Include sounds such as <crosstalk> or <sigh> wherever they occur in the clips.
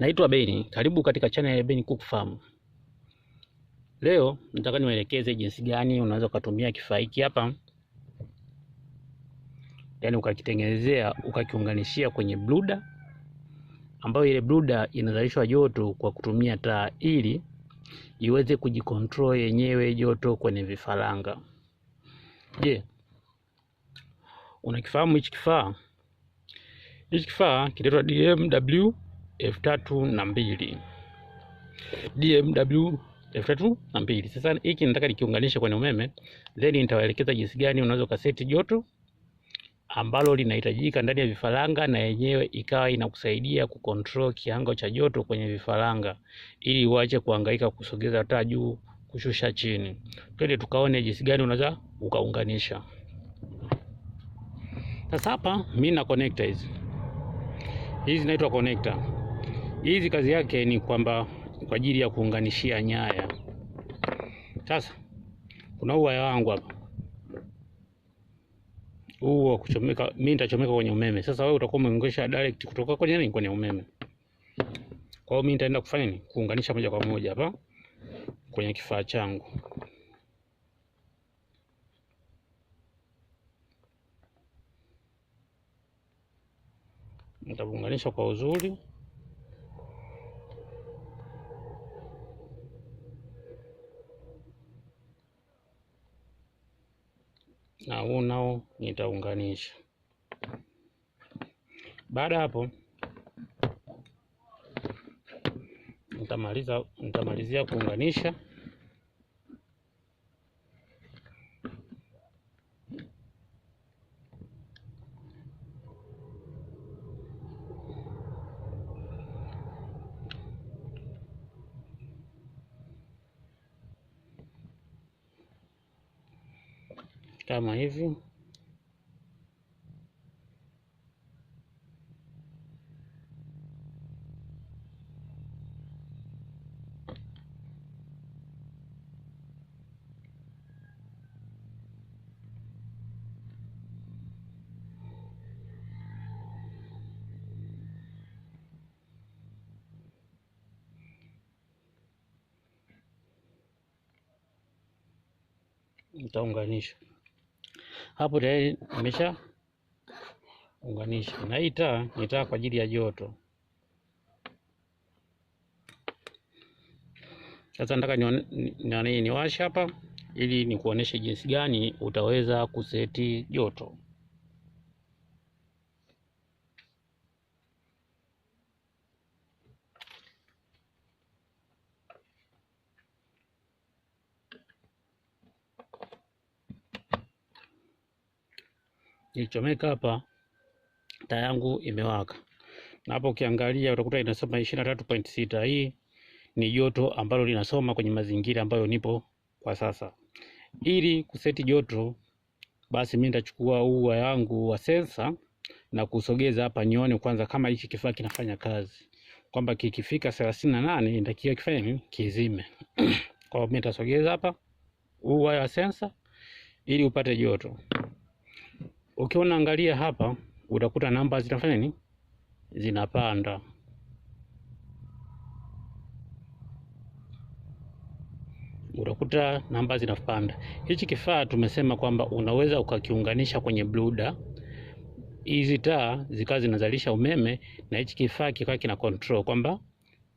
Naitwa Beni, karibu katika channel ya Beni Cook Farm. Leo nataka niwaelekeze jinsi gani unaweza ukatumia kifaa hiki hapa, yaani ukakitengenezea ukakiunganishia kwenye bluda, ambayo ile bluda inazalishwa joto kwa kutumia taa ili iweze kujikontrol yenyewe joto kwenye vifaranga. Je, unakifahamu hichi kifaa? Hichi kifaa kinaitwa DMW elfu tatu na mbili DMW elfu tatu na mbili. Sasa hiki nataka nikiunganisha kwenye umeme, then nitawaelekeza jinsi gani unaweza ukaseti joto ambalo linahitajika ndani ya vifaranga na yenyewe ikawa inakusaidia kukontrol kiango cha joto kwenye vifaranga ili uache kuhangaika kusogeza taa juu kushusha chini. Twende tukaone jinsi gani unaweza ukaunganisha. Sasa hapa mimi na connectors Hizi zinaitwa connector. Hizi kazi yake ni kwamba kwa ajili ya kuunganishia nyaya. Sasa kuna huu waya wangu hapa, huu wa kuchomeka, mimi nitachomeka kwenye umeme. Sasa wewe utakuwa umeunganisha direct kutoka kwenye nini, kwenye umeme. Kwa hiyo mimi nitaenda kufanya nini, kuunganisha moja kwa moja hapa kwenye kifaa changu. Nitaunganisha kwa uzuri. na huu nao nitaunganisha. Baada hapo nitamaliza, nitamalizia kuunganisha. Calma aí, viu? Então, galinha. hapo tayari nimesha unganisha, na hii taa ni taa kwa ajili ya joto. Sasa nataka niwashe hapa ili nikuoneshe jinsi gani utaweza kuseti joto. nilichomeka hapa, taa yangu imewaka, na hapo ukiangalia utakuta inasoma ishirini na tatu point sita. Hii ni joto ambalo linasoma kwenye mazingira ambayo nipo kwa sasa. Ili kuseti joto, basi mimi nitachukua huu waya wangu wa sensa na kusogeza hapa, nione kwanza kama hiki kifaa kinafanya kazi, kwamba kikifika thelathini na nane inatakiwa kifanye nini, kizime. <clears throat> Kwa hiyo mimi nitasogeza hapa huu waya wa sensa ili upate joto ukiona angalia hapa utakuta namba zinafanya nini? Zinapanda. Utakuta namba zinapanda. Hichi kifaa tumesema kwamba unaweza ukakiunganisha kwenye bluda, hizi taa zikawa zinazalisha umeme na hichi kifaa kikawa kina control kwamba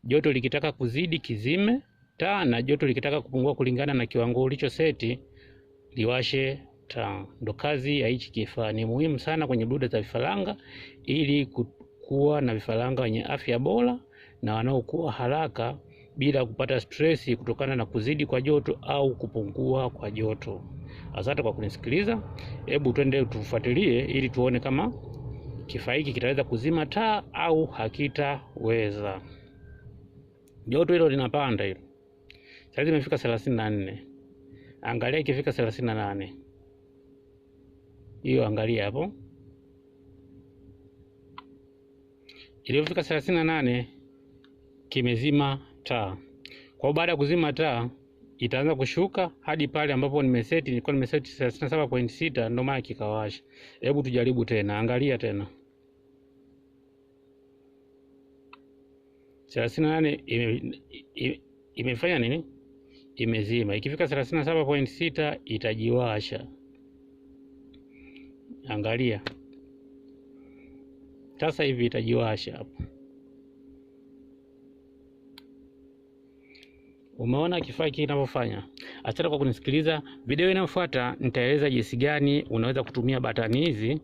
joto likitaka kuzidi kizime taa na joto likitaka kupungua kulingana na kiwango ulicho seti liwashe matamu. Ndo kazi ya hichi kifaa, ni muhimu sana kwenye brooder za vifaranga ili kuwa na vifaranga wenye afya bora na wanaokuwa haraka bila kupata stresi kutokana na kuzidi kwa joto au kupungua kwa joto. Asante kwa kunisikiliza. Hebu twende tufuatilie ili tuone kama kifaa hiki kitaweza kuzima taa au hakitaweza. Joto hilo linapanda hilo, sasa imefika 34. Angalia ikifika 38 hiyo, angalia hapo iliyofika 38 kimezima taa. Kwa hiyo baada ya kuzima taa itaanza kushuka hadi pale ambapo nimeseti, nilikuwa nimeseti 37.6 ndio maana kikawasha. Hebu tujaribu tena, angalia tena 38 ime, ime, imefanya nini? Imezima. Ikifika 37.6 itajiwasha. Angalia sasa hivi itajiwasha hapo. Umeona kifaa hiki kinavyofanya? Asante kwa kunisikiliza. Video inayofuata nitaeleza jinsi gani unaweza kutumia batani hizi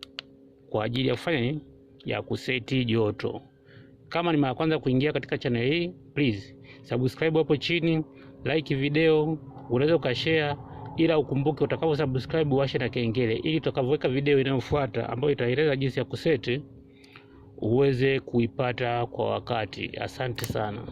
kwa ajili ya kufanya ya kuseti joto. Kama ni mara kwanza kuingia katika channel hii, please subscribe hapo chini, like video, unaweza ukashare ila ukumbuke utakapo subscribe washe na kengele, ili utakavyoweka video inayofuata ambayo itaeleza jinsi ya kuseti uweze kuipata kwa wakati. Asante sana.